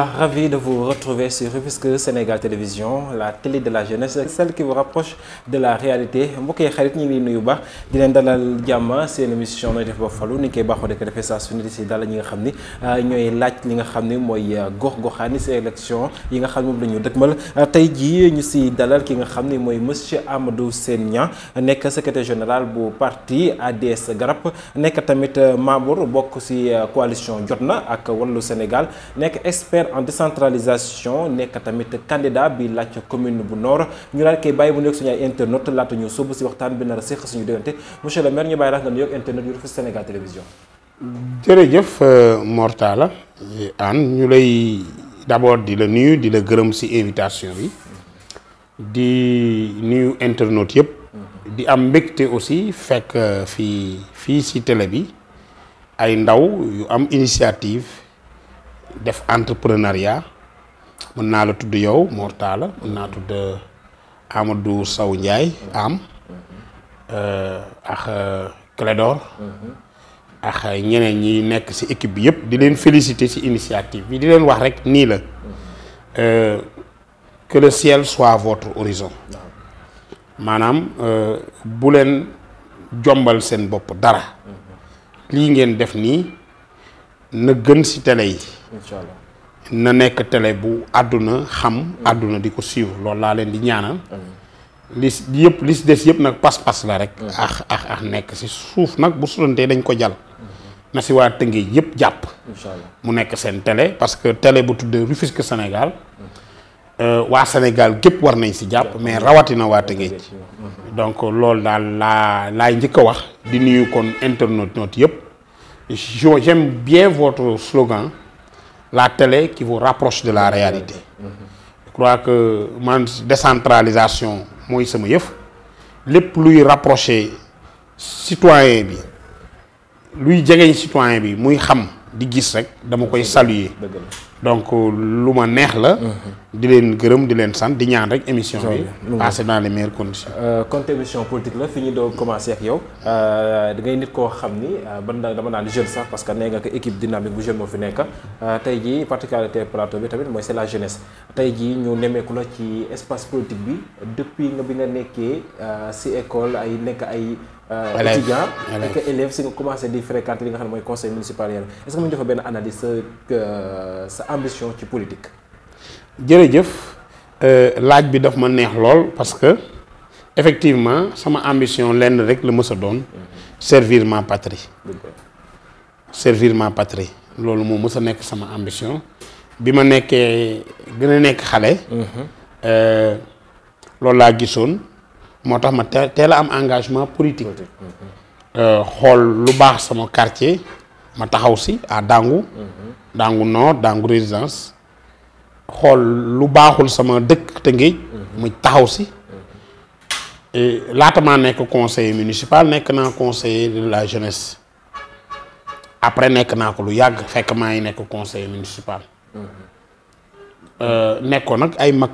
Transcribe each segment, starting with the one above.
Voilà, ravi de vous retrouver sur Sénégal Télévision, la télé de la jeunesse, celle qui vous rapproche de la réalité mbokk yi xarit ñu ngi nuyu baax di leen dalal jàmm seen émission nooy def ba falu ni ñu koy baaxoo dek defee saa su ne ñi nga xam ni ah, ñooy laaj li nga xam ni mooy ah, gox-goxaani si élection yi nga xam ne moom la ñu dëkkmal ah, tey jii ñu si dalal ki nga xam ni mooy monsieur Amadou Sène Niang nekk secrétaire général bu parti ADS Garab nekk tamit membre bokk si coalition na ak Wallu Sénégal nekk en décentralisation nekk tamit candidat bi laaj commune bu Nord ñu daal koy bàyyi bu nekk suñu ay internet laata ñu sóobu si waxtaan bi nar a séq suñu diggante monsieur le maire ñu bàyyi la nga nuyoog internet yu jërëjëf euh, Mor Talla euh, Anne ñu lay d'abord di la nuyu di gërëm si invitation bi di nuyu internet yëpp. di am mbégte aussi fekk euh, fii fii si tele bi ay ndaw yu am initiative. def entrepreneuriat mën naa la tudd yow Mor Talla mën naa tudd euh, Amadou saw Ndiaye am euh, ak euh, Clédor ak ñeneen ñi nekk ci équipe bi yëpp di leen féliciter ci initiative bi di leen wax rek nii la que le ciel soit votre horizon maanaam bu leen jombal seen bopp dara lii ngeen def nii na gën ci tele yi incha na nekk télé bu àdduna xam. Mm. àdduna di ko suivre loolu laa leen di ñaanal. li si yëpp li si des yëpp nag pas-pas la rek. Mm. ax ax nekk si suuf nag bu sutantee dañ ko jàll. Mm-hmm. na si waa Tëngéej yëpp jàpp. incha mu nekk seen télé parce que télé bu tuddee Rufisque Sénégal. Mm. Euh, waa Sénégal gépp war nañ si jàpp mais rawatina waa Tëngéej. Mm-hmm. donc loolu daal laa laay njëkk a wax. di nuyu kon internautes yëpp. j'aime bien votre slogan. la télé qui vous rapproche de la réalité mm-hmm. je crois que man décentralisation mooy sama yëf lépp luy rapprocher citoyen bi luy jegeñ citoyen bi muy xam di gis rek dama koy saluer donc lu ma neex la. Mhm. di leen gërëm di leen sant di ñaan rek émission bi. passé dans les meilleures conditions. contribution euh, politique la fi ñu doo commencé ak yow euh, da ngay nit koo xam ni euh, ban dama naan jeune sax parce que nee nga ko équipe dynamique bu jeune moo fi nekk tey jii particularité plateau bi tamit mooy c'est la jeunesse tey jii ñu nemmeeku la ci espace politique bi depuis nga bi nga nekkee si école ay nekk ay. Euh, étudiant ak élève si nga commencé di fréquenter li nga xam ne mooy conseil municipal yéen est-ce que mu defal benn analyse euh, euh, sa ambition ci politique. jërëjëf laaj bi dafa ma neex lool parce que effectivement sama ambition lenn rek la mës a doon mm-hmm. servir ma patrie. servir ma patrie loolu moo mës a nekk sama ambition bi ma nekkee gën a nekk xale. Mm-hmm. loolu laa gisoon. moo tax ma teel a am engagement politique euh, xool lu baax sama quartier ma taxaw si à Dangu dàngu Nord Dangu résidence xool lu baaxul sama dëkk Tëngéej mu taxaw si laata maa nekk conseiller municipal nekk naa conseiller la jeunesse après nekk naa ko lu yàgg fekk maa ngi nekk conseil municipal euh, nekkoon nag ay mag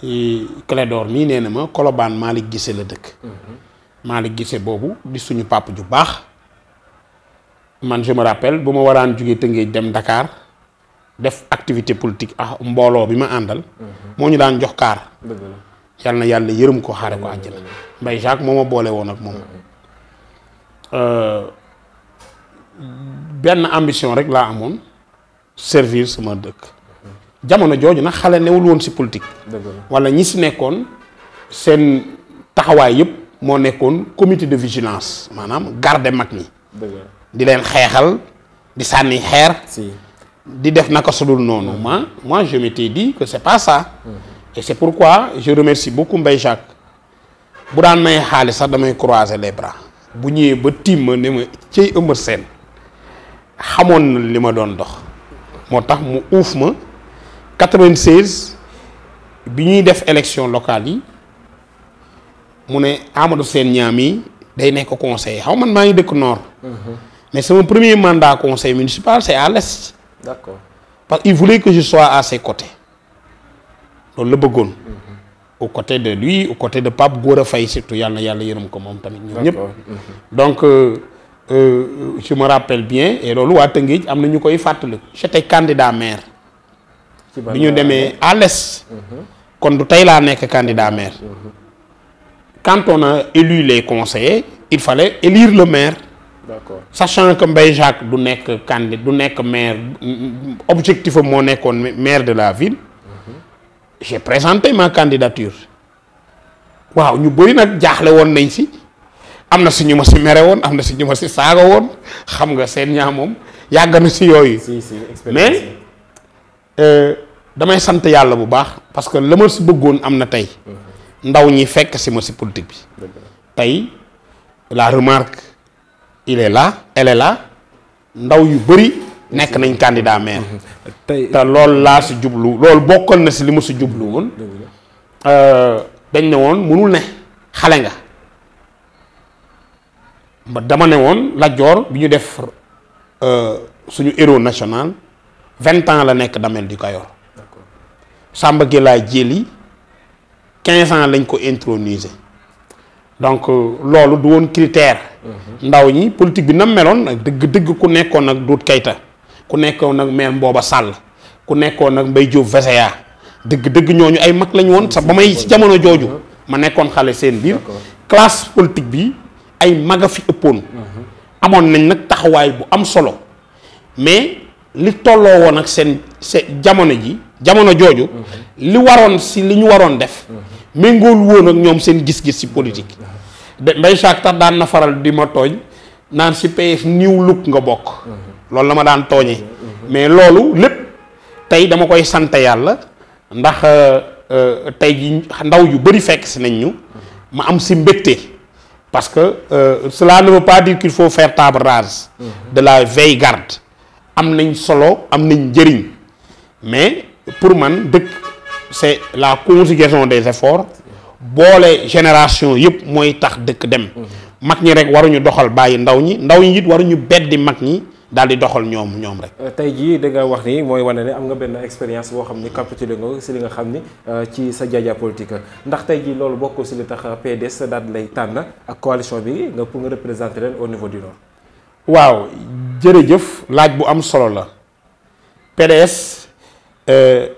Clédor mii nee na ma Colobane Malick Guissé la dëkk mhm. Malick Guissé boobu di suñu pàpp ju baax man je me bu ma waraan jógee Tëngéej dem ndakaar def activité politique ah mbooloo bi ma àndal mhm. moo ñu daan jox kaar yal na yàlla yërëm ko xaare ko àjjana Mbaye Jacques moo ma boole woon ak moom mhm. euh, benn ambition rek laa amoon servir sama dëkk jamono jooju nag xale newul woon si politique. wala ñi si nekkoon seen taxawaay yëpp moo nekkoon comité de vigilance maanaam garde mag ñi. di leen xeexal di sànni xeer. di def na ko sudul noonu. ma mm-hmm. moi je m'étais dit que c'est pas ça. Mm-hmm. et c'est pourquoi je remercie beaucoup Mbaye Jacques bu daan may xaalis sax damay croiser les bras. bu ñëwee ba tiim ma ne ma cey ëmër seen xamoon na li ma doon dox moo tax mu uuf ma. 96 bi ñuy def élection locale yi mu ne Amadou seen ñaam yi day nekk conseiller xaw man maa ngi dëkk noor mhm. mais sama premier mandat conseil municipal c' est à l' est. d' accord parce que il que je sois à ses côté loolu la bëggoon. Mhm. au côté de lui au côté de Pape Gora Faye surtout yàlla na yàlla yërëm ko moom tamit ñoom ñëpp. Mhm. donc euh, euh, rappelle bien e loolu waa Tëngéej am na ñu koy fàttaliku j' étais candidat maire. bi ñu demee à mhm. kon du tey laa nekk candidat maire mhm. quand on a élu les conseillers il fallait élire le maire d'accord sachant que Jacques du nekk candidat du nekk maire objectif am moo nekkoon maire de la ville mhm. j'ai présenté ma candidature waaw ñu bëri nag jaaxle woon nañ si am na si ñu ma si mere woon am na si ñu ma si saaga woon xam nga seen ñaa yàgg na si yooyu mais damay sant yàlla bu baax parce que la ma si bëggoon am na tey ndaw ñi fekk si ma si politique bi tey la remarque ile la là elle ndaw yu bëri nekk nañ candidat maire tey te lool laa si jublu loolu bokkoon na si li ma si jublu woon euh, dañ ne woon mënul ne xale nga ba dama ne woon Lat Dior bi ñu def euh, suñu héros national vingt ans la nekk Damel du Kayor Samba Gueye Diéli 15 ans lañ ko introniser donc euh, loolu du woon critère. Mhm. ndaw ñi politique bi nam meloon nag dëgg-dëgg ku nekkoon ak dut Keita ku nekkoon ak maire Mbooba sàll ku nekkoon ak Mbaye Diop Veseya dëgg-dëgg ñooñu ay mag lañ woon sax ba may jamono jooju ma nekkoon xale seen biir classe politique bi ay mag a fi ëppoon. Mhm. amoon nañ nag taxawaay bu am solo mais. li tolloo woon ak seen se jamono ji jamono jooju li waroon si li ñu waroon def méngool woon ak ñoom seen gis-gis si politique Mbaye Jacques tax daan na faral di ma tooñ naan si PS New Look nga bokk loolu la ma daan tooñe mais loolu lépp tey dama koy sant yàlla ndax euh, euh, tey ji ndaw yu bëri fekk si nañ ñu ma am si mbégte parce que euh, cela ne veut pas dire qu'il faut faire table rase de la vieille garde am nañ solo am nañ njëriñ mais pour man dëkk c'est la conjugaison des efforts boole génération yëpp mooy tax dëkk dem mag ñi rek waruñu doxal bàyyi ndaw ñi ndaw ñi it waruñu beddi mag ñi daal di doxal ñoom ñoom rek. Euh, tey jii da nga wax ni mooy wane ne am nga benn expérience boo xam ni capitulé nga si li nga xam ni euh, ci sa jaaja politique ndax tey jii loolu bokk si li tax euh, PDS daal di lay tànn ak coalition bi nga pour nga représenter leen au niveau du Nord. waaw jërëjëf laaj bu am solo la PDS euh,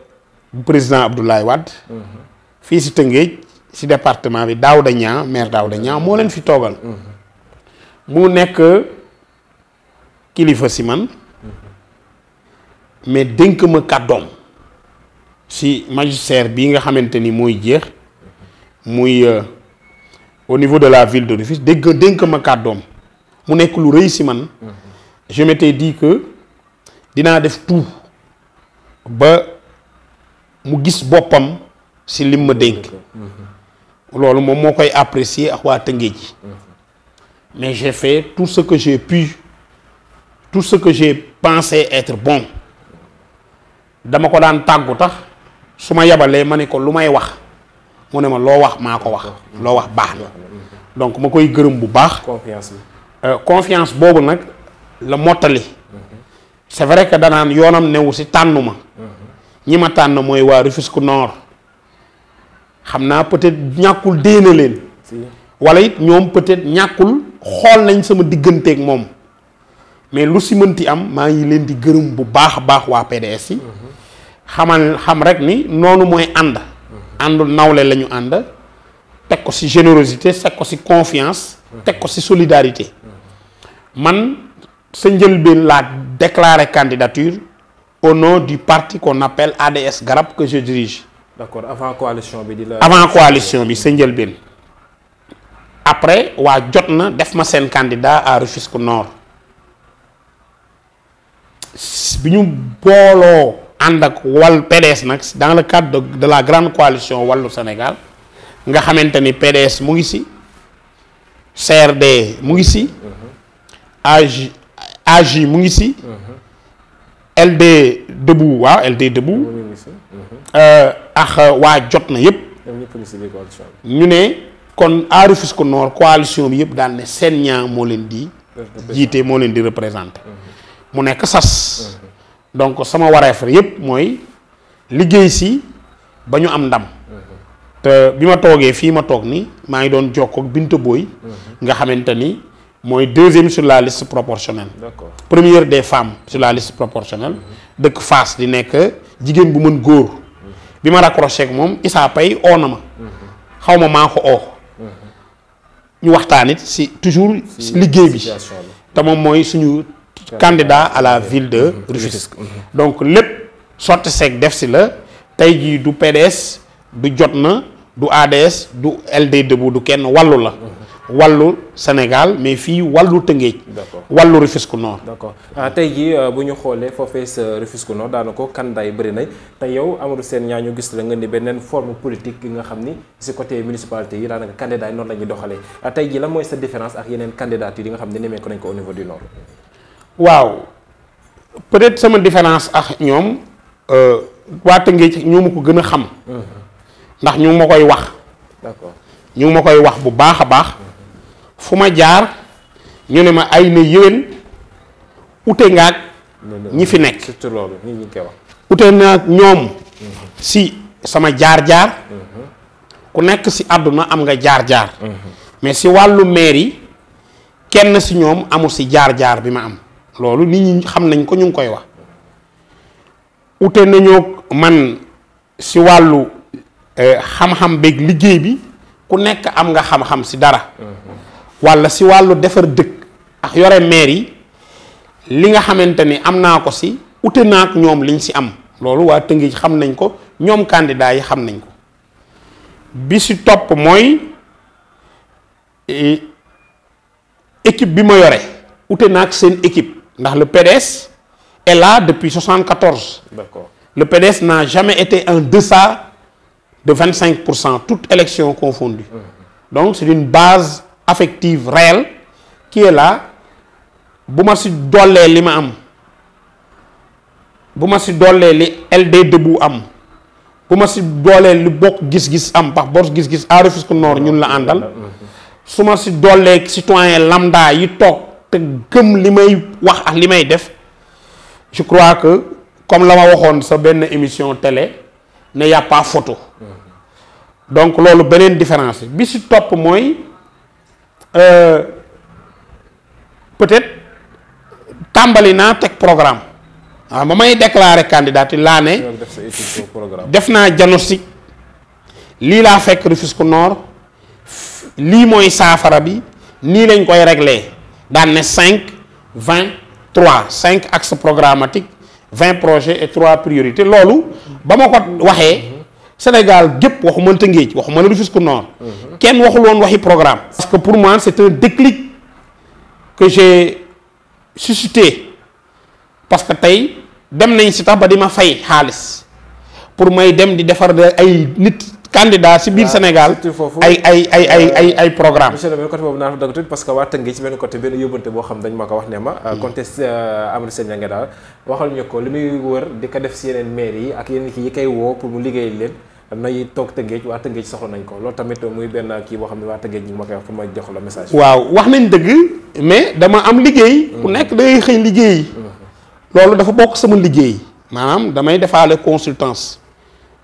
bu président Abdoulaye Wade mm-hmm. fii si Tëngéej si département bi Daouda Niang maire Daouda mm-hmm. Niang moo leen fi toogal mm-hmm. mu nekk kilifa si man mais dënk ma kàddoom si magistère bi nga xamante ni mooy jeex muy euh, au niveau de la ville de Rufisque dégg dénk ma kàddoom mu nekk lu rëy si man je m'étais dit que dinaa def tout ba mu gis boppam si lim ma dénk loolu moom moo koy apprécier ak waa Tëngéej ji mais j'ai fait tout ce que j'ai pu tout ce que j'ai pensé être bon dama ko daan tàggu tax su ma yabalee ma ne ko lu may wax mu ne ma loo wax maa ko wax loo wax baax na donc ma koy gërëm bu baax confiance bi Euh, confiance boobu nag la mottali c'est vrai que danaan yoonam newu si tànnu ma ñi ma tànn mooy waa Rufisque Nord xam naa peut-être ñàkkul déena leen wala it ñoom peut-être ñàkkul xool nañ sama digganteeg moom mais lu si mënti am maa ngi leen di gërëm bu baax a baax waa PDS yi xamal xam rek ni noonu mooy ànd àndu nawle la ñu ànd teg ko si générosité teg ko si confiance teg ko si solidarité man sa njëlbeen laa déclaré candidature au nom du parti qu'on appelle ADS Garab que je dirige. d'accord avant coalition bi di la. avant coalition bi sa après waa jot na def ma seen candidat à Rufisque Nord bi ñu booloo ànd ak wal PDS nag dans le cadre de, de la grande coalition wàllu Sénégal nga xamante ni PDS mu ngi si CRD mu ngi si AJ mu ngi si. Uh-huh. LD debout waaw LD debout. Uh-huh. Uh, ax waa jot na yëpp. ñu ne kon aarufis ko noor coalition bi yëpp daal ne seen ñaa moo leen di. jiite moo leen di représenté. Uh-huh. mu nekk sas. donc sama wareef yëpp mooy liggéey si ba ñu am ndam. te bi ma toogee fii ma toog ni maa ngi doon jokkoo ak Binta Boy. nga xamante ni. mooy deuxième sur la liste proportionnelle. d'accord première des femmes sur la liste proportionnelle. dëkk Fass di nekk jigéen bu mën góor. bi ma raccroché ak moom Issa pay oo na ma. Mhm. xaw ma maa ko oo. Mhm. ñu waxtaan it si toujours liggéey bi. te moom mooy suñu candidat à la ville de Rufisque. Mhm. donc lépp sotti seeg def si la tey jii du PDS du na du ADS du LD Debout du kenn wallu la. wàllu Sénégal mais fii wàllu Tëngéej. d'accord wàllu Rufisque Nord. d'accord ah, tey jii euh, bu ñu xoolee foofee sa Rufisque Nord daanaka kandaay bëri nañ te yow Amadou seen ñaa ñu gis la nga ni beneen forme politique yi nga xam ni si côté municipalité yi daanaka candidat yi noonu la ñuy doxalee ah, tey jii lan mooy sa différence ak yeneen candidature yi nga xam ne nemmeeku waaw peut-être sama différence ak ñoom euh, waa Tëngéej ñoo ma ko gën a xam. Mhm. ndax ñu ngi ma koy wax. d'accord ñu ngi ma koy wax bu baax a baax. fu ma jaar ñu ne ma ay na yéen ute ngaak ñi fi nekk surtout loolu ñu ngi koy wax ute naag ñoom mm-hmm. si sama jaar-jaar mm-hmm. ku nekk si àdduna am nga jaar-jaar mm-hmm. mais si wàllu maire yi kenn si ñoom amul si jaar-jaar bi ma am loolu nit ñi xam nañ ko ñu ngi koy wax ute nañoo man si wàllu eh, xam-xam beeg liggéey bi ku nekk am nga xam-xam si dara walla si wàllu defar dëkk ak yore maire yi li nga xamante ni am naa ko si ute naa ak ñoom liñ si am loolu waa Tëngéej xam nañ ko ñoom candidat yi xam nañ ko bi si topp mooy e, équipe bi ma yore ute naa ak seen équipe ndax le PDS est là depuis 74. D'accord. le PDS n'a jamais été en deçà de 25 pour cent toutes élections confondues mmh. donc c'est une base affective réelle kii est bu ma si dollee li ma am bu ma si dollee li LD Debout am bu ma si doolee lu bokk gis-gis am pax bor gis-gis à Rufisque Nord ñun la àndal su ma si doolee citoyen lambda yi toog te gëm li may wax ak li may def je crois que comme la ma waxoon sa benn émission télé ne y photo mm-hmm. donc loolu beneen différence bi si topp mooy Euh, peut-être tàmbali naa teg programme waaw ah, ba may déclarer candidat laa ne def naa diagnostic lii laa fekk Rufisque Nord lii mooy saafara bi nii lañ koy régler daan ne cinq vingt trois cinq axes programmatique vingt projet et trois priorités loolu ba ma ko waxee Sénégal gépp waxuma Tëngéej waxuma ne Rufisque Nord kenn waxul woon waxi programme parce que pour moi c'est un déclic que j'ai suscité parce que tey dem nañ si tax ba di ma fay xaalis pour may dem di defar ay nit candidat si biir ah, Sénégal ay ay ay ay euh, ay ay programme monsieur le maire waa Tëngéej ci benn côté benn yóbbante boo xam dañ ma ko wax ne ma euh, contest euh, Amadou Sène Ndiaye daal waxal ñu ko li muy wër di ko def si yeneen maire yi ak yeneen kii yi koy woo pour mu liggéey leen nay toog tëggeej waa tëggeej soxla nañ ko loolu tamit muy benn kii boo xam ne waa tëggeej ñi ma koy wax pour ma jox la waaw wax nañ dëgg mais dama am liggéey. ku mm. nekk dangay xëy liggéey. Mm-hmm. loolu dafa bokk sama liggéey. maanaam damay defaale consultance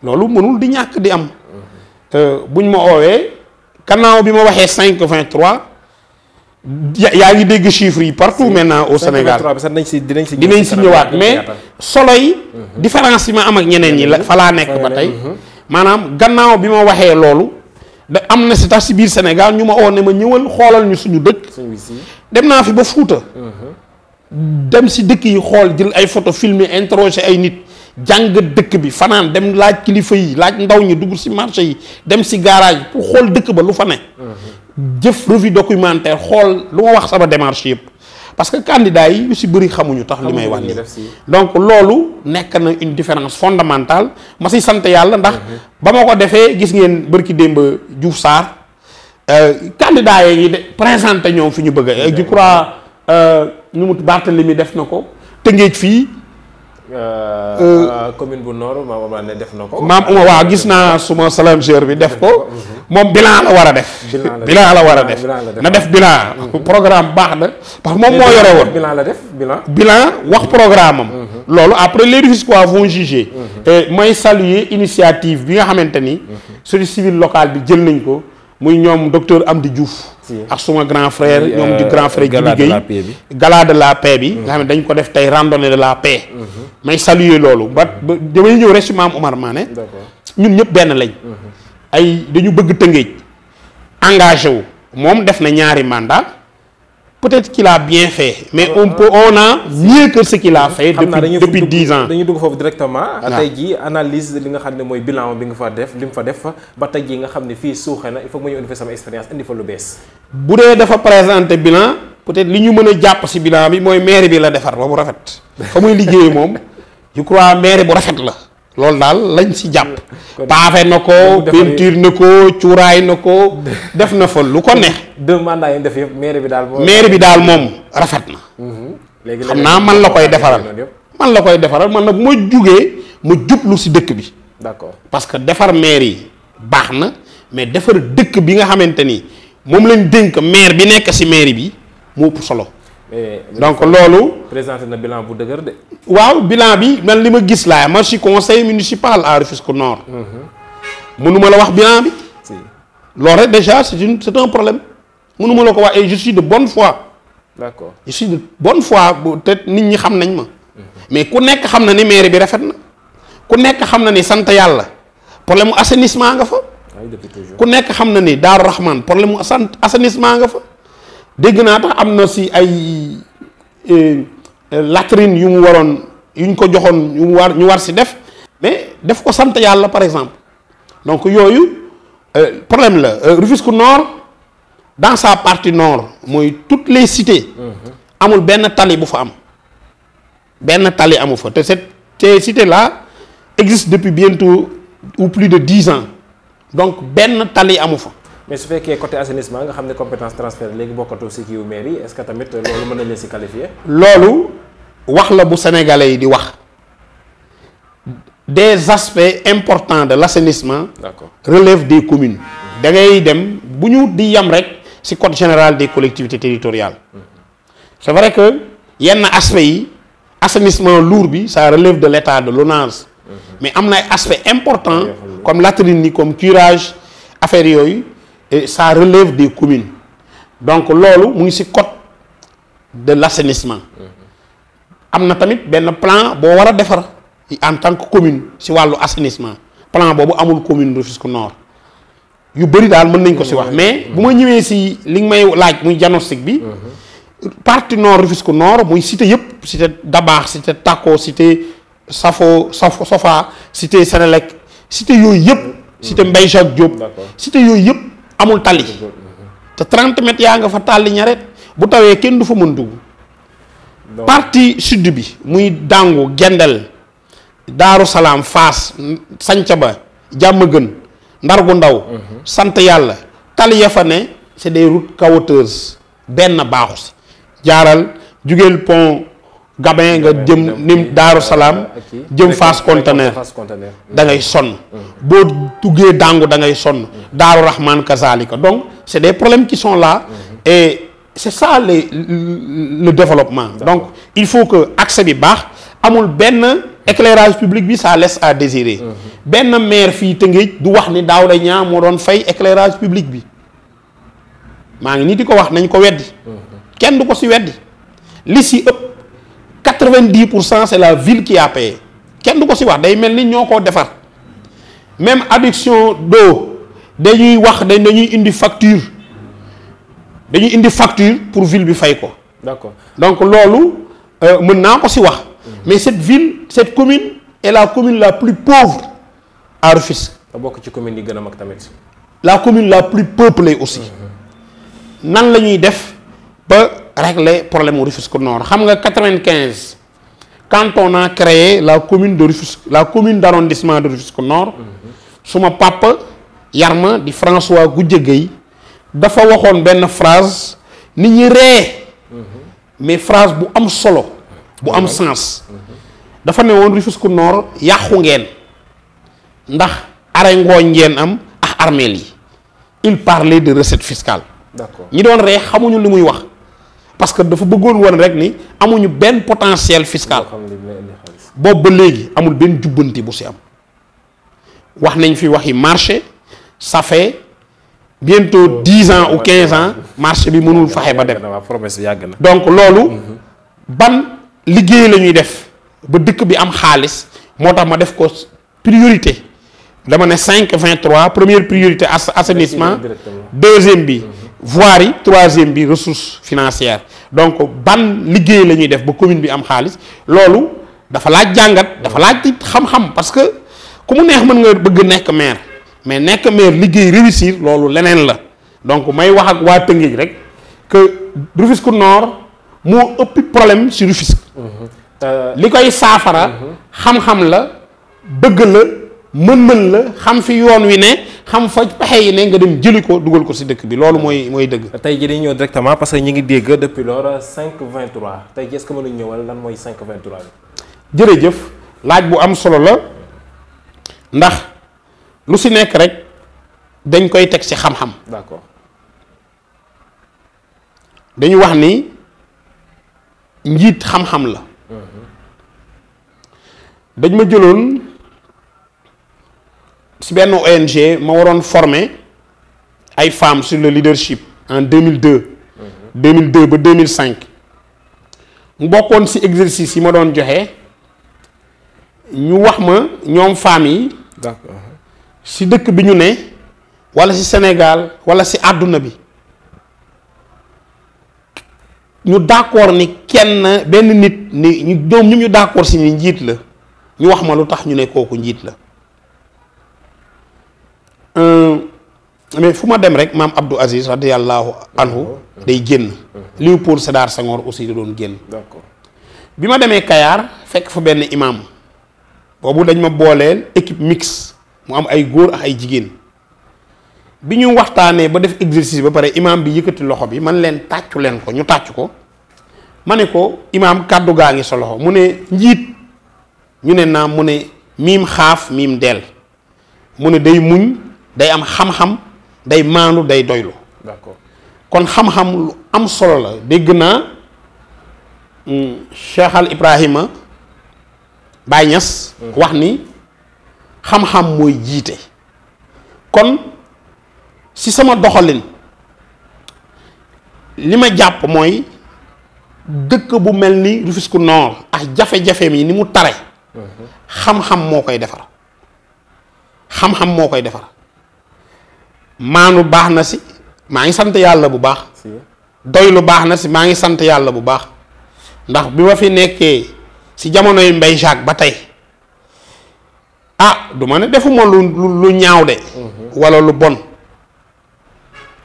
loolu mënul di ñàkk di am. Mm-hmm. buñ ma oowee kannaaw bi ma waxee cinq vingt trois yaa ngi dégg chiffres yi partout maintenant au Sénégal dinañ si ñëwaat mais solo yi mm-hmm. différence yi ma am ak ñeneen ñi la fa nekk ba tey maanaam gannaaw bi ma waxee loolu da am na si tax si biir Sénégal ñu ma oo ne ma ñëwal xoolal ñu suñu dëj dem naa fi ba Fuuta uh-huh. dem si dëkk yi xool jël ay photo filmer interroger ay nit jàngat dëkk bi fanaan dem laaj kilifa yi laaj ndaw ñi dugg si marché yi dem si garage pour xool dëkk ba lu fa ne uh-huh. jëf revue documentaire xool lu ma wax sama démarche yëpp parce que candidat yi yu si bëri xamuñu tax li may wax nii donc loolu nekk na une différence fondamentale ma si sant yàlla ndax mhm. ba ma ko defee gis ngeen bërki démb Diouf Sarr euh, candidat yi ngi de présenté ñoom fi ñu bëgg je crois ñu euh, mu Barthélemy def na ko Tëngéej fii Euh, euh, commune bu Nord maam Omar ne def na ko. maam Omar euh, waaw gis naa suma salangeur bi def ko. Mhm. moom bilaa la war a def. bilan la war a def na def bilaa mhm. programme baax na parce que moom moo yore woon. bilan la def bilan. bilan wax programme am. Mhm. loolu après les Rufisquois vont juger. te mooy saluer initiative bi nga xamante ni. société civile locale bi jël nañ ko. muy ñoom docteur Amdi Diouf. ak suma grand frère ñoom di euh, grand frère. Gala de la paix bi la paix bi. nga xam ne dañ ko def tey randonnée de la paix. Mhm. may saluer loolu ba ba damay ñëw rek si maam Omar Mané. ñun ñëpp benn lañ. Mhm. ay dañu bëgg tëngéej engagé wu moom def na ñaari mandat peut-être kila bien fait. mais euh, on peut on a mieux que ce qu'il a fait. depuis depuis dix ans dañuy dugg foofu directement. Ah. tey jii analyse li nga xam ne mooy bilan bi nga fa def li mu fa def ba tey jii nga xam ne fii suuxee na il faut que ma ñëw indi fa sama expérience indi fa lu bees. bu dee dafa présenté bilan peut-être li ñu mën a jàpp si bilan bi mooy maire bi la defar ba bu rafet. fa muy liggéey moom je crois maire bu rafet la. loolu daal lañ si jàpp mm. paafe na ko peinture na ko cuuraay na ko def na fa lu ko ne deux mandats yi maire bi daal maire bi daal moom rafet na mm-hmm. léegi xam naa man la koy defaral man la koy defaral man na nag ma jugee ma jublu si dëkk bi d'accord parce que defar maire yi baax na mais defar dëkk bi nga xamante ni moom lañ dénk maire bi nekk si maire bi moo ëpp solo donc loolu. présenté na bilan bu dëgër de. waaw bilan bi man li ma gis laa ma ci conseil municipal à Rufisque Nord. Mhm. mënuma la wax bilan bi. si loolu rek déjà c'est une c'est un problème mënuma la ko wax et je de bonne fois d'accord je suis de bonne foi te nit ñi xam nañ ma. Mhm. mais ku nekk xam na ni maire bi rafet na. ku nekk xam na ni sant yàlla problème mu nga fa. Ah ku nekk xam na ni Daaru Rahman problème mu assainissement nga fa. dégg naa tax am na si ay eh, latrine yu mu waroon yuñ ko joxoon ñu mu war ñu war si def mais def ko sant yàlla par exemple donc yooyu eh, problème la eh, Rufisque Nord dans sa partie nord mooy toutes les cité mhm. amul benn tali bu fa am benn tali amu fa te cette ces cités là existent depuis bientôt ou plus de dix ans donc benn tali amu fa mais su fekkee côté assainissement nga xam ne compétence transfert léegi bokkatu si kiiwu maire yi est-ce que tamit loolu wax la bu sénégalais yi di wax des aspects importants de l'assainissement relève des communes da ngay dem bu ñu di yam rek ci code général des collectivités territoriales mm-hmm. c'est vrai que yenn aspect yi assainissement lourd bi ça relève de l'état de l'ONAS mm-hmm. mais am na aspect important comme latrine yi comme curage affaire yooyu et ça relève des communes donc loolu mu ngi ci code de l'assainissement am na tamit benn plan boo war a defar en tant que commune si wàllu assainissement plan boobu amul commune Rufisque Nord yu bëri daal mën nañ ko si wax mais bu ma ñëwee si li nga may laaj muy diagnostic bi partie nord Rufisque Nord muy cité yëpp cité Dabaax cité Tako cité Safo Safo Sofa cité Sénélec cité yooyu yëpp site mbay Jacques Diop cité yooyu yëpp amul tali te 30 mètres yaa nga fa tàll ñaret bu tawee kenn du fa mën dugg parti sud bi muy dàngu gendel daaru salaam faas sanca ba jàmm gën ndar gu ndaw mhm. sant yàlla tali ya fa ne c'est des routes benn baaxu si jaaral jugeel pont Gabin nga jëm nim Daaru Salaam jëm Fass Conteneur mm. da ngay sonn mm. boo duggee dàngu da ngay sonn mm. Daaru Rahman kazalika donc c'est des problème qui sont la mm-hmm. et c'est ça les le développement donc il faut que accès bi baax amul benn éclairage public bi ça laisse à désirer mm-hmm. benn maire fii Tëngéej du wax ni daaw da ñaa moo doon fay éclairage public bi maa ngi nii di ko wax nañ ko weddi mm-hmm. kenn du ko si weddi li si ëpp quatre vingt pour cent c'est la ville qui a payé kenn du ko si wax day mel ni ñoo koo defar même adduction d'eau dañuy wax dañ dañuy indi facture dañuy indi facture pour ville bi fay ko. d'accord donc loolu euh, mën naa ko si wax. Mm-hmm. mais cette ville cette commune est la commune la plus pauvre à bokk ci commune yi gën a mag tamit. la commune la plus peuplée aussi. Mm-hmm. nan la ñuy def ba. régler problème mu Rufisque Nord xam nga 95 quand on a créé la commune de Rufisque la commune d' arrondissement de Rufisque Nord mhm. suma papa yar ma di François Goudié Guèye dafa waxoon benn phrase nit ñi ree mhm. mais phrase bu am solo bu am sens mhm. dafa ne woon Rufisque Nord yàqu ngeen ndax are ngooñ ngeen am ak armeel yi il parlait de recette fiscale ñi doon ree xamuñu li muy wax parce que dafa bëggoon wane rek ni amuñu benn potentiel fiscal boobu ba léegi amul benn jubbanti bu si am wax nañ fi waxi marché ça fait bientôt dix ans ou quinze ans marché bi mënul faxe ba dem promesse yàgg na donc loolu mhm. ban liggéey la ñuy def ba dëkk bi am xaalis moo tax ma def ko priorité dama ne cinq vingt trois première priorité assainissement deuxième bi mhm. voirie troisième bi ressource financière donc ban liggéey la ñuy def ba commune bi am xaalis loolu dafa laaj jàngat dafa laaj it xam-xam parce que ku mu neex mën nga bëgg nekk maire mais nekk maire liggéey réussir loolu leneen la donc may wax ak waa Tëngéej rek que Rufisque Nord moo ëpp problème ci Rufisque mmh. li koy saafara mmh. xam-xam la bëgg la mën-mën la xam fi yoon wi ne xam fa pexe yi ne nga dem jëli ko dugal ko si dëkk bi loolu mooy mooy dëgg. tey jii dañuy ñëw directement parce que ñu ngi dégg depuis loolu 523 tey jii est-ce que mën nañu ñëwal lan mooy 523 bi. jërëjëf laaj bu am solo la ndax lu si nekk rek dañ koy teg si xam-xam. d'accord dañu wax ni njiit xam-xam la. Mhm. dañ ma jëloon. si benn ONG ma waroon former ay femmes sur le leadership en 2002. 2002 ba 2005 mu bokkoon si exercice yi ma doon joxe ñu wax ma ñoom femmes yi. si dëkk bi ñu ne walla si Sénégal walla si àdduna bi ñu d'accord ni kenn benn nit ni ñu ñu d'accord si ni njiit la ñu wax ma lu tax ñu ne kooku njiit la. Euh, mais fu ma dem rek maam Abdou Aziz radiyallahu anhu day génn. Léopold Sédar Senghor aussi da doon génn. d'accord bi ma demee Kayar fekk fa benn imam boobu dañ ma booleel équipe mix mu am ay góor ak ay jigéen bi ñu waxtaanee ba def exercice ba pare imam bi yëkkati loxo bi man leen tàccu leen ko ñu tàccu ko ma ne ko imaam kàddu gaa ngi sa loxo mu ne njiit ñu ne naam mu ne miim xaaf miim del mu ne day muñ. day am xam-xam day maandu day doylu d'accord kon xam-xam lu am solo la dégg naa mm, Cheikh Ibrahima Baye Niass mm. wax ni xam-xam mooy jiite kon si sama doxalin li ma jàpp mooy dëkk bu mel ni Rufisque Nord ak jafe-jafeem yi ni mu tare mm-hmm. xam-xam moo koy defar xam-xam moo koy defar maanu baax na si maa ngi sant yàlla bu baax doy lu baax na si maa ngi sant yàlla bu baax ndax bi ma fi nekkee si jamonoy Mbaye Jacques ba tey ah du ma ne defuma lu lu ñaaw de mhm. wala lu bon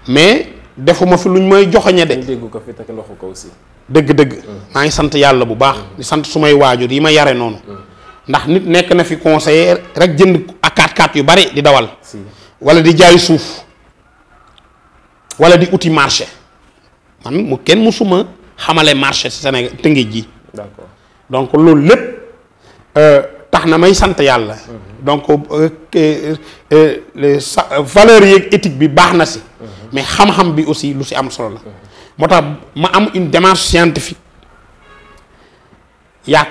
mais defuma fi luñ may joxoñe de dégg ko fi takk loxo ko aussi dëgg-dëgg mhm. maa ngi sant yàlla bu baax mhm. di sant sumay waajur yi ma yare noonu ndax nit nekk na fi conseiller rek jënd ak 4 x yu bari di dawal wala di jaay suuf wala di uti marché man mu kenn musuma xamale marché ci Sénégal tëngéej ji d'accord donc loolu lépp euh, tax na may sant yàlla mhm. donc euh, euh, sa valeur yeeg éthique bi baax na si mhm. mais xam-xam bi aussi lu si am solo la mhm. moo tax ma am une démarche scientifique yaa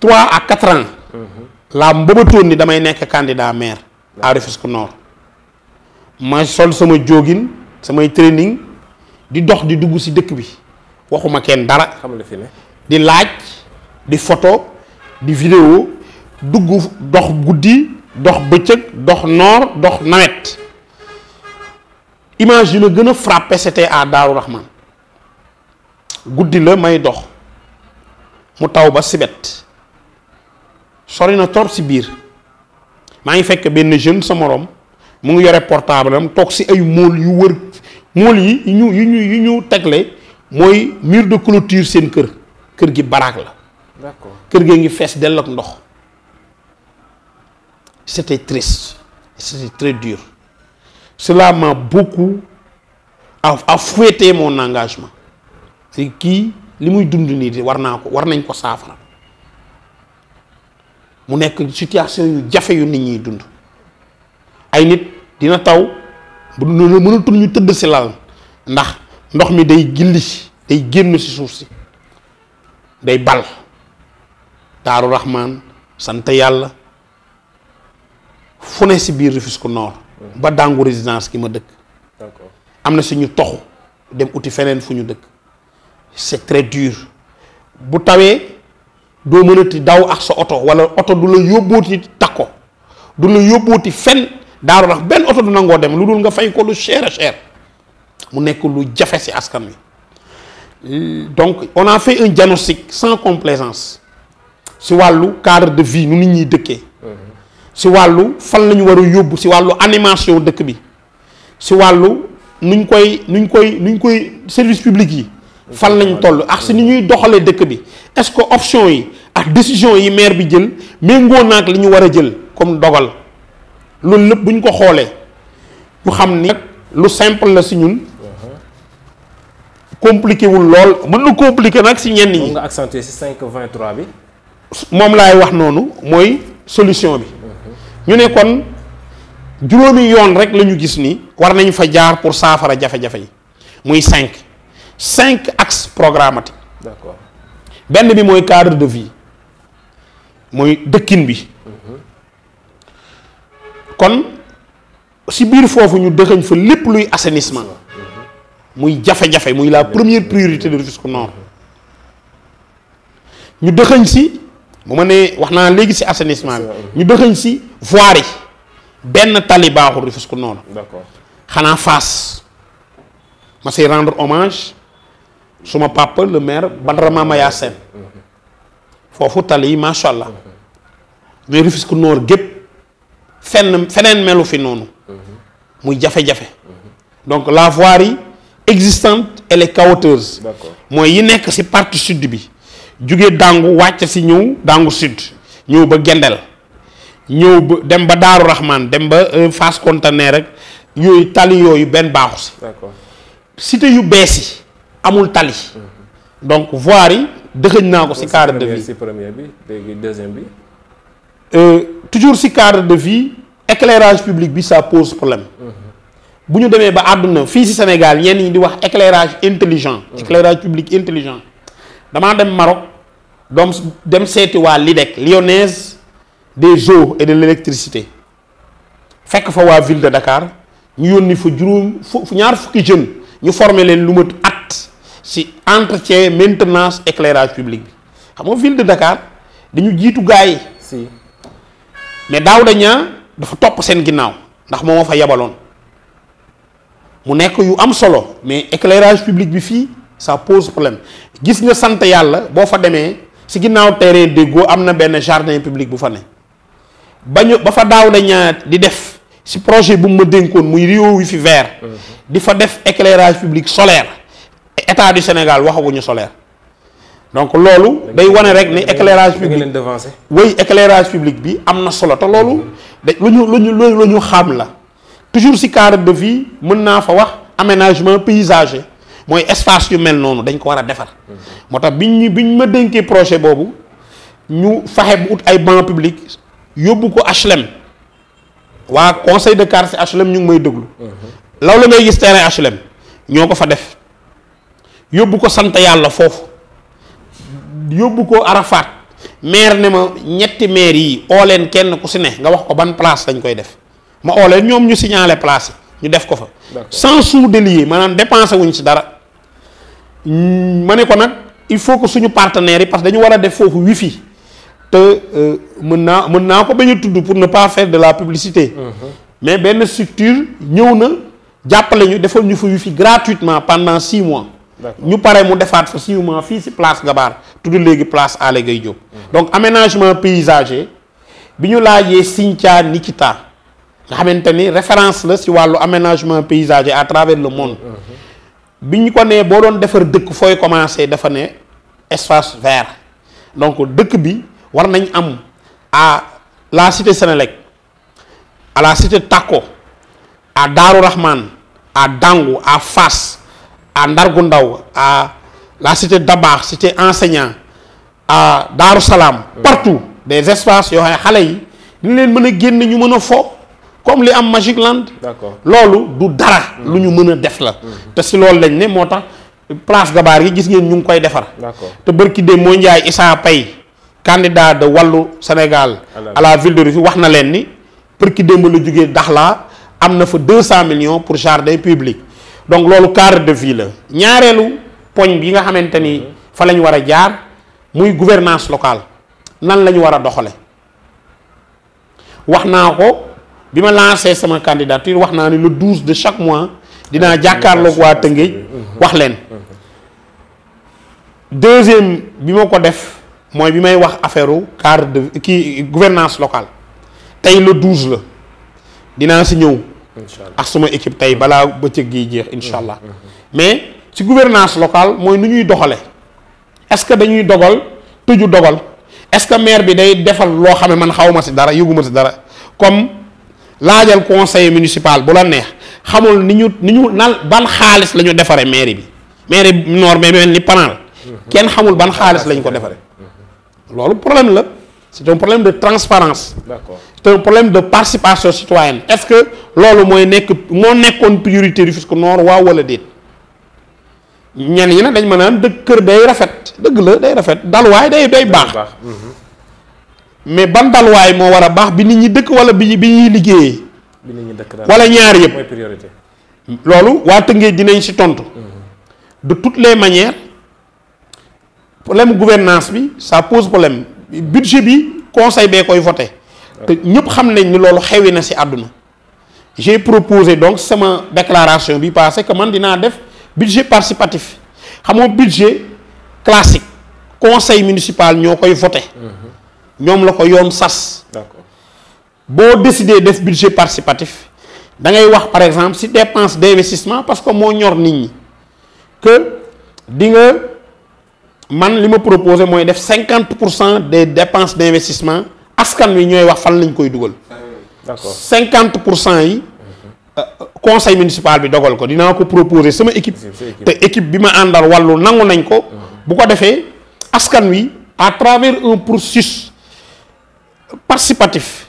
trois à quatre ans laa mbëbatoon ni damay nekk candidat maire à Rufisque noor ma sol sama jogging samay training di dox di dugg ci dëkk bi waxuma kenn dara di laaj di photo di vidéo dugg dox guddi dox bëccëg dox noor dox nawet image yi na gën a frappé c'était à Daaru Rahman guddi la may dox mu taw ba sibet sori na torop ci biir maa ngi fekk benn jeune sa morom mu ngi yore portable am toog si ay mool yu wër mool yi yu ñu yu ñu yu ñu tegle mooy mur de clôture seen kër kër gi baraak la. d'accord kër gee ngi fees dell ak ndox. c'était triste c'était très dur cela m'a beaucoup a a fouetté mon engagement. c'est kii li muy dund nii de war naa ko war nañ ko saafara. mu nekk situation yu jafe yu nit ñiy dund ay nit dina taw bu mënatul ñu tëdd si lal ndax ndox mi day gilli day génn ci suuf si day bal daaru raxmaan sant yàlla fu ne si biir Rufisque noor ba dàngu résidence ki ma dëkk am na si ñu toxu dem uti feneen fu ñu dëkk c'est très bu tawee doo mënati daw ak sa oto wala oto du la yóbbooti takko du la yóbbooti fen daaru ndax benn oto du nangoo dem lu dul nga fay ko lu cher a cher mu nekk lu jafe si askan wi donc on a fait un diagnostic sans complaisance si wàllu cadre de vie nu nit ñuy dëkkee si wàllu fan la ñu war a yóbbu si wàllu animation dëkk bi si wàllu nuñ koy nuñ koy nuñ koy service public yi fan nañ toll ak si ni ñuy doxalee dëkk bi est-ce que option yi ak décision yi maire bi jël méngoo naag li ñu war a jël comme dogal loolu lépp bu ñu ko xoolee ñu xam ni lu simple la si ñun compliqué wul lool mën na compliqué nag si ñenn ñi. nga si 5 23 bi. moom lay wax noonu mooy solution bi. ñu ne kon juróomi yoon rek la ñu gis ni war nañu fa jaar pour saafara jafe-jafe yi muy cinq cinq axes programmatiques. d'accord benn bi mooy cadre de vie mooy dëkkin bi. kon si biir foofu ñu dëxëñ fa lépp luy assenissement muy jafe-jafe muy la première priorité de ko Nord ñu dëxëñ si bu ma nee wax naa léegi si assenissement bi ñu dëxëñ si voirie benn tali baaxul Rufisque ko d'accord xanaa Fass ma say rendre hommage. suma papa le maire Badara Mamaya Sène foofu tali yi macha allah mais Rufisque Nord gépp fenn feneen melu fi noonu muy jafe-jafe donc la voirie existante elle mooy yi nekk ci partie sud bi jóge dàngu wàcc ci ñëw dàngu sud ñëw ba Gendel ñëw ba dem ba Daaru Rahman dem ba euh, Fass Conteneur rek yooyu tali yooyu benn baaxu ci cité yu bees yi amul tali. donc voir yi dëxëñ naa ko. si cadre de vie si léegi deuxième bi. Euh, toujours si cadre de vie éclairage public bi ça pose problème. Mm-hmm. bu ñu demee ba àdduna fii si Sénégal ñenn ñi di wax éclairage intelligent. Mm-hmm. éclairage public intelligent. damaa dem Maroc doom dem seeti waa LIDEC Lyonnaise des eaux et de l'électricité fekk fa waa ville de Dakar ñu yónni fa juróom fu ñaar fukki jeunes ñu former leen lu mat at. si entretien maintenance éclairage public bi xam nga ville de Dakar dañu jiitu gars yi. si mais Daouda dafa topp seen ginnaaw ndax moom moo fa yabaloon mu nekk yu am solo mais éclairage public bi fii ça pose problème gis nga sant yàlla boo fa demee ci ginnaaw terrain déggoo am na benn jardin public bu fa ne ba ñu ba fa Daouda Niang di def si projet bu mu ma dénkoon muy rio wi fi ver mm-hmm. di fa def éclairage public solaire. état du Sénégal waxaguñu solaire donc loolu day wane rek ni éclairage public oui éclairage public bi am na solo te loolu da ñu lu ñu lu xam la toujours si cadre de vie mën naa fa wax aménagement paysager mooy espace yu mel noonu dañ ko war a defar mm-hmm. moo tax biñ ñu bi ñu ma dénkee projet boobu ñu faxe bu ut ay banc public yóbbu ko HLM waa conseil de quartier HLM ñu ngi may déglu law mm-hmm. la ngay gis terrain HLM ñoo ko fa def yóbbu ko sant yàlla foofu yóbbu ko Arafat maire ne ma ñetti maire yi oo kenn ku si ne nga wax ko ban place lañ koy def ma oo ñoom ñu signalé place yi ñu def ko fa. sans sous-délier maanaam dépensé wuñ si dara hmm, ma ne ko nag il faut que suñu partenaires yi parce que dañu war a def foofu wifi te euh, mën naa mën naa ko bañ a tudd pour na pas faire de la publicité. Mhm. mais benn structure ñëw na jàppale ñu defal ñu fa wifi gratuitement pendant six mois. ñu pare mu defaat fa suivement fii si place Gabar tudd léegi place Aly Gueye Diop mm. donc aménagement paysager bi ñu laajee Cynthia Nikita nga xamante ni référence la si wàllu aménagement paysager à travers le monde mm-hmm. bi ñu ko nee boo doon defar dëkk fooy commencé dafa ne espace vert donc dëkk bi war nañ am à la cité Sénélec à la cité Tako à Darou Rahman à dàngu à fas à Ndargu Ndaw à la cité Dabaax cité enseignant à Daaru Salaam partout des espaces yoo xam ne xale yi dañ leen mën a génn ñu mën a fo comme li am Magic Land loolu du dara mm. lu ñu mën a def la mm-hmm. te si loolu lañ ne moo tax place gabaar yi gis ngeen ñu ngi koy defar te bërki dee moo njaay Issa Paye candidat de wallu Sénégal à la ville de Rufisque wax na leen ni bërki démb la jógee Dakhla am na fa deux cent millions pour jardin public donc loolu cadre de vie la ñaareelu poñ bi nga xamante ni fa la ñu war a jaar muy gouvernance locale nan la ñu war a doxale wax naa ko bi ma lancé sama candidature wax naa ni le 12 de chaque mois dinaa jàkkaarloog waa Tëngéej wax leen deuxième bi ma ko def mooy bi may wax affaire u cadre de kii gouvernance locale tey le 12 la dinaa si ñëw incha allah ak suma équipe tey balaa bëccëg gi jeex incha allah. Mm-hmm. mais ci gouvernance locale mooy nu ñuy doxale est-ce que dañuy dogal tëju dogal est-ce que maire bi day defal loo xam ne man xaw ma si dara yëguma si dara comme laajal conseil municipal bu la neex xamul ni ñu ni ñu nan ban xaalis la ñu defaree mairie bi mairie noor mais mel ni panal mm-hmm. kenn xamul ban xaalis lañ ko defaree loolu problème la. c'est un problème de transparence c'est un problème de participation citoyenne est-ce que loolu mooy nekk moo nekkoon priorité Rufisque Nord waaw wala déet ñenn ñi nag dañ mën naan dëgg kër day rafet dëgg la day rafet dalwaay day day baax mhm. mais ban dalwaay moo war a baax bi nit ñi dëkk wala bi bi ñuy liggéeyee wala ñaar yëpp loolu waa Tëngéej dinañ ci tontu mhm. de tout les manières problème gouvernance bi sa pose problème budget bi conseil bee koy voté te ñëpp xam nañ ni loolu xewi na si àdduna j'ai proposé donc sama déclaration bi passé que man dinaa def budget participatif xam nga budget classique conseil municipal ñoo koy voté mm-hmm. ñoom la ko yoon sas boo décidé def budget participatif da ngay wax par exemple si dépense d'investissement parce que moo ñor nit ñi que di man li ma proposé mooy def cinquante pour cent des dépenses d' investissement askan wi ñooy wax fan lañ koy dugal. d' accord cinquante pour cent yi. Euh, conseil municipal bi dogal ko dinaa ko proposer sama équipe. te équipe bi ma àndal wàllu nangu nañ ko. bu ko defee askan wi à travers un processus participatif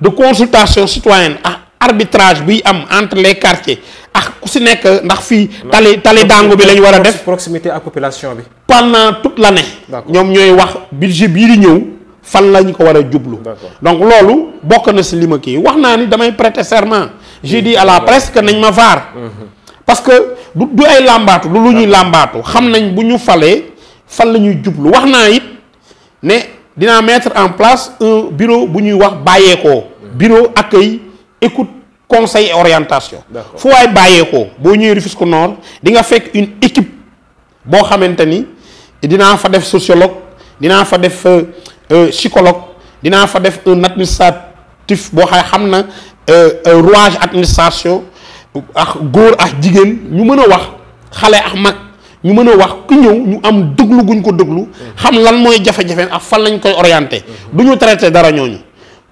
de consultation citoyenne ah arbitrage buy am entre les quartiers ak ku si nekk ndax fii. tali tali dàngu bi lañ war a def proximité ak population bi. pendant toute l'année. ñoom ñooy wax budget bii di ñëw fan lañ ko war a jublu. donc loolu bokk na si lima ma kii wax naa ni damay prêter serment. j'ai dit la presse nañ ma vaar. Mhm. parce que du ay làmbaatu du lu ñuy làmbaatu xam nañ bu ñu falee fan la ñuy jublu wax naa it ne dina mettre en place un bureau bu ñuy wax bàyyeekoo. bureau accueil écoute conseil et orientation. fu waay bàyyeekoo boo ñëwee Rufisque Nord di fekk une équipe boo xamante ni. dinaa fa def sociologue dinaa fa def euh, euh, psychologue dinaa fa def un administratif boo xam xam na euh, rouage administration ak góor ak jigéen ñu mën a wax xale ak mag ñu mën a wax ku ñëw ñu am déglu guñ ko déglu xam lan mooy jafe-jafe ak fan lañ koy orienté du ñu traité dara ñooñu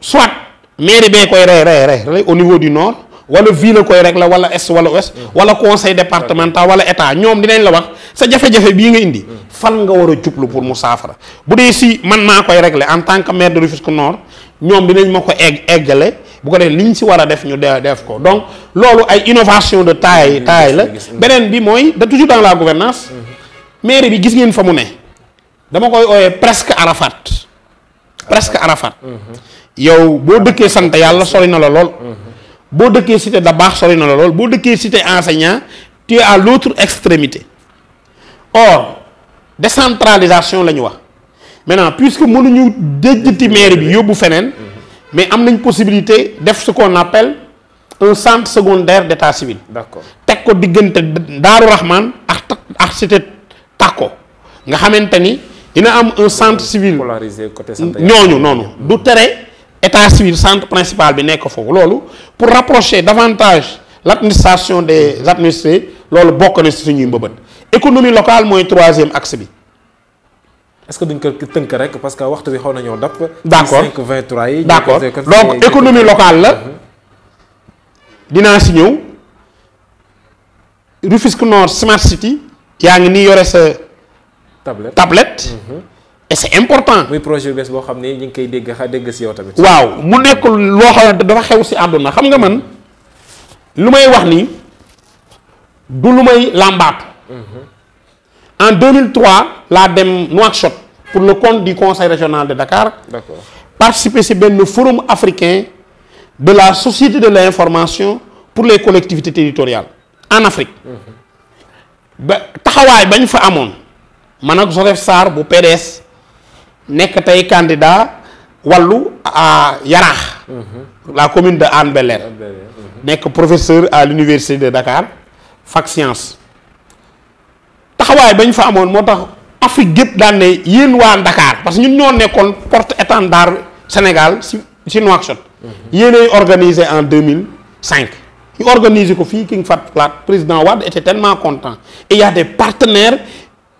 soit mairie bee koy rey rey rey au niveau du nord wala ville koy rek la wala est wala ouest wala conseil départemental wala état ñoom dinañ la wax sa jafe-jafe bii nga indi fan nga war a jublu pour mu saafara bu dee si man maa koy régler en tant que maire de Rufisque Nord ñoom dinañ ma ko egg eggale bu ko def ñu si war a def ñu def ko donc loolu ay innovation de taille mm-hmm. taille la mm-hmm. beneen bi mooy da toujours dans la gouvernance mm-hmm. mairie bi gis ngeen fa mu ne dama koy ooyee presque Arafat presque Arafat yow boo dëkkee sant yàlla sori na la lool boo dëkkee cité da baax sori na la lool boo dëkkee cité enseignant tu es à l'autre extrémité or décentralisation la ñu wax maintenant puisque mënuñu déjjati maire bi yóbbu feneen mais am nañ possibilité def ce qu'on appelle un centre secondaire d'état civil d'accord teg ko diggante Daaru Rahman ak ak cité ko nga xamante ni dina am un centre civil ñooñu noonu du tere état civil centre principal bi nekk foofu loolu pour rapprocher davantage l'administration des administrés loolu bokk na si suñuy mbëbët économie locale mooy troisième axe bi est-ce que duñ ko tënk rek parce que waxtu bi xaw nañoo dab. d'accord 5 23 yi. d'accord donc économie locale la. dinaa si ñëw. Rufisque Nord Smart City. yaa ngi ni yore sa. tablette tablette. Mhm. et c'est important. muy projet bees boo xam ne ñu ngi koy dégg dégg si yow tamit. waaw mu nekk loo xam xamante dafa xew si àdduna xam nga man lu may wax nii du lu may làmbaatu. Mhm. en 2003 laa dem Nouakchott pour le compte du conseil régional de Dakar. d'accord participer ci benn forum africain de la société de l'information pour les collectivités territoriales en Afrique. Mhm. ba taxawaay bañ fa amoon man ak Joseph Sarr bu PDS nekk tey candidat wàllu a Yaraax. Mhm. la commune de Hann Bel-Air. Mhm. nekk professeur à l'université de Dakar fac science. taxawaay bañ fa amoon moo tax Afrique gépp daan ne yéen waa Ndakaar parce que ñun ñoo nekkoon porte étendard Sénégal si si Nouakchott mhm. yéenay organisé en 2005 ñu organisé ko fii King Fahd Palace président Wade était tellement content et y a des partenaires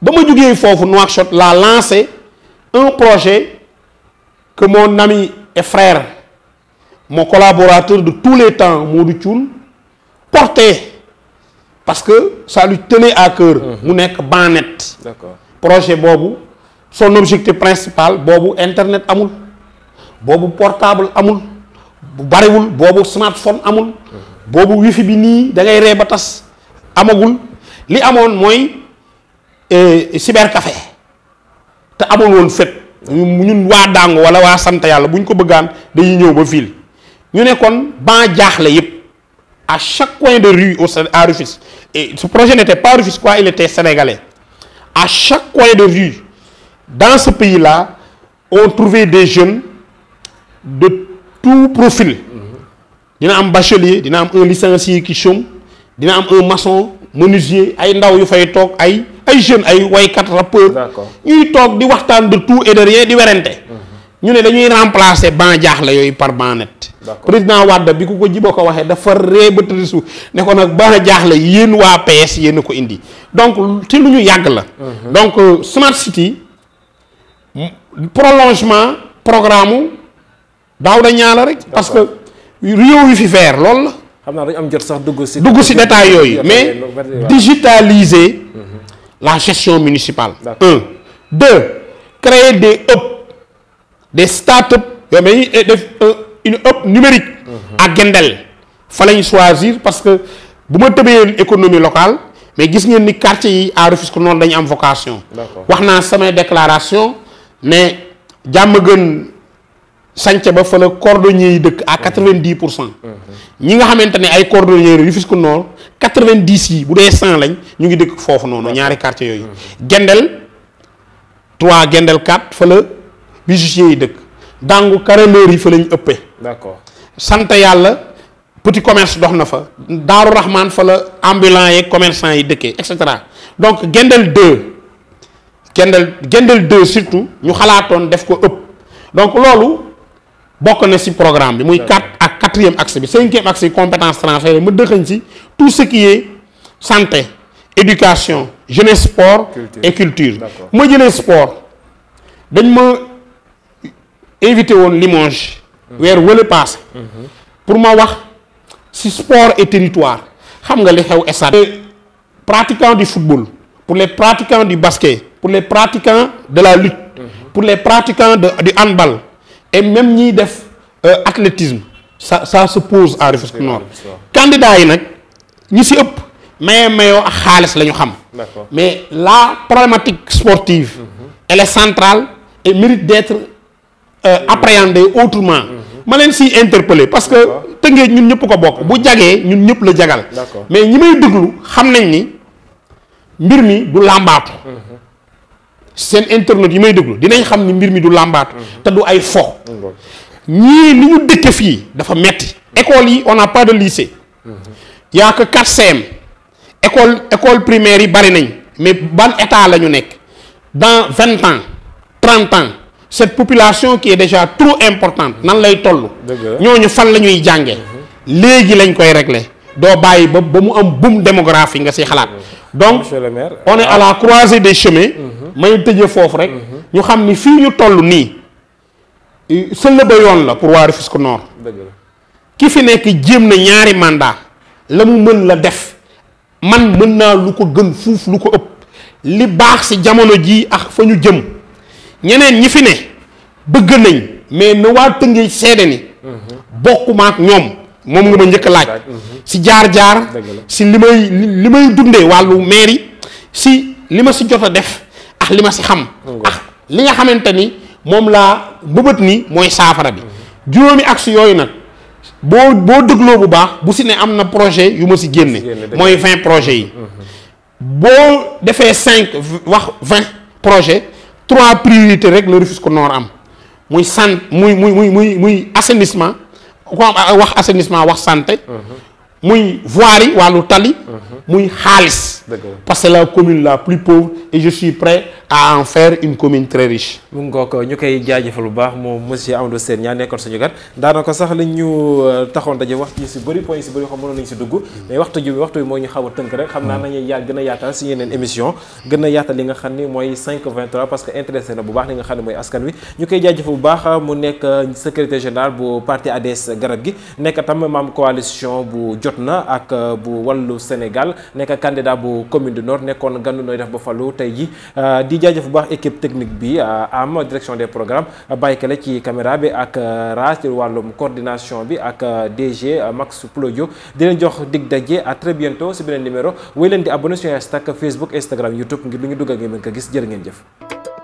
ba ma jugee foofu Nouakchott laa lancé un projet que mon ami et frère moo collaborateur de tous les temps Modou cuul portait parce que sa lu tenait à cœur. Mhm. mu nekk ban net. d'accord projet boobu son objectif principal boobu internet amul boobu portable amul bu bariwul boobu smartphone amul mhm. boobu wifi bi nii dangay ngay ree ba tas amagul li amoon mooy kafe eh, te amul woon fépp. ñun waa dàngu wala waa sant yàlla bu ñu ko bëggaan dañuy ñëw ba ville ñu ne kon ban jaaxle yëpp. à chaque coin de rue au à Rufisque et ce projet n'était pas rufisquois il était sénégalais à chaque coin de rue dans ce pays là on trouvait des jeunes de tout profil dina am bachelier dina am un licencié qui dina am un maçon menuisier ay ndaw yu fay toog ay ay jeunes ay waykat rappeur ñuy toog di waxtaan de tout et rien di werante ñu ne dañuy remplacer ban jaaxle yooyu par ban net président Wade bi ku ko jiba ko waxee dafa ree ba tëdd suuf ne ko nag ban jaaxle yéen waa PS yéen a ko indi donc te lu ñu yàgg la mhm. donc euh, Smart City prolongement programme daaw da la rek parce que réew yu fi faire lool la xam naa dañu am jot sax dugg si dugg si détail yooyu mais digitaliser mhm. la gestion municipale un deux créer des des startups yoo xam ne def euh, une hub numérique. Mhm. à Gendel fa lañu choisir parce que bu ma tëbee économie locale mais gis ngeen ni quartier yi à Rufisque noonu dañu am vocation. wax naa samay déclaration ne jàmm gën sànce ba fa la cordonnier yi dëkk à mhm. quatre pour cent. Mhm. ñi nga xamante ne ay cordonniers Rufisque Nord quatre-vingt-dix yi bu dee cent lañ ñu ngi dëkk foofu noonu ñaari quartier yooyu. Gendel trois Gendel quatre fa la. bijoutier yi dëkk dàngu carreleur yi fa lañ ëppee. d'accord sant yàlla petit commerce dox na fa. Daaru Rahman fa la ambulant yeeg yi dëkkee et cetera donc Gendel 2 Gendel Gendel 2 surtout ñu xalaatoon def ko ëpp donc loolu bokk na ci programme bi. muy quatre ak quatrième axe bi cinquième axe yi compétence transférée ma dëxañ ci tout ce qui est santé éducation jeunesse sport. et culture. ma jëlee sport dañ ma. invité woon Limoges. weer wële paase. pour ma wax ci sport et territoire xam nga li xew stade. pratiquants du football pour les pratiquants du basket pour les pratiquants de la lutte. pour les pratiquants de du handball et même ñiy def euh, athlétisme ça ça se pose à Rufisque Nord. candidats yi nag ñi si ëpp. maye mayoo ak xaalis lañu ñu xam. mais la problématique sportive. Mhm. elle centrale et mérite d'être Euh, appréhender autrement. Mhm. ma leen si interpeller parce que tëngéej ñun ñëpp ko bokk bu jagee ñun ñëpp la jagal. mais ñi may déglu xam nañ ni mbir mi du làmbaatu. Mhm. seen internet yi may déglu dinañ xam ni mbir mi du làmbaatu. Mhm. te du ay fo. ñii li ñu dëkke fii dafa metti école yi on n'a pas de lycée. y a que 4CM. école école primaire yi bari nañ mais ban état la ñu nekk dans vingt ans trente ans. cette population qui est déjà trop importante nan lay toll. ñooñu fan la ñuy jàngee. léegi lañ koy regle doo bàyyi ba ba mu am boom démographique nga si xalaat. Mmh. donc on est à la ah. croisée des chemins. Mmh. may tëjee foofu rek. Mmh. ñu xam ni fii ñu toll nii. sëlla ba yoon la pour waa Rufisque Nord. ki fi nekk jéem na ñaari mandat la mu mën la def man mën naa lu ko gën fuuf lu ko ëpp. li baax si jamono jii ak fa ñu jëm. ñeneen ñi fi ne bëgg nañ mais na waa Tëngéej seede ni bokkuma ak ñoom moom nga ma njëkk laaj si jaar-jaar si li may li may dundee wàllu mairie si li ma si jot a def ak li ma si xam ak li nga xamante ni moom laa mbëbët ni mooy saafara bi juróomi axe yooyu nag boo boo dégloo bu baax bu si ne am na projet yu ma si génne mooy vingt projets yi boo defee cinq wax vingt projet trois priorités rek la Rufisque Nord am muy sant muy muy muy muy muy assainissement ku am wax assainissement wax santé uh-huh. muy voir voirie wàllu tali uh-huh. muy xaalis. parce que la commune la plus pauvre et je suis prêt à en faire une commune très riche. mu ngoog ñu koy jaajëfal bu baax moom monsieur Amadou Sène ñaa nekkoon suñu gat daanaka sax lañ ñu euh, taxoon daje wax ci si bëri point si bari xam mënoon nañ si dugg. mais waxtu ji waxtu bi moo ñu xaw a tënk rek. xam naa nañuy yaa gën a yaatal si yeneen émission gën a yaatal li nga xam ni mooy 523 parce que intéressé na bu baax li nga xam ne mooy askan wi ñu koy jaajëfal bu baax mu nekk euh, secrétaire général bu parti ADS garab gi nekk tam maam coalition bu jot na ak euh, bu wàllu Sénégal nekk candidat bu commune du nord nekkoon ganu nooy def ba falu tey ji euh, di jaajëf bu baax équipe technique bi euh, am direction des programmes bàyyikale ci caméra bi ak euh, rag ci wàllum coordination bi ak DG Max Plodio di leen jox dig daje à très bientôt si beneen numéro wéy leen di abonné suñu Stack Facebook Instagram YouTube ngir lu ñu dugg ak ngeen ko gis jërë ngeen jëf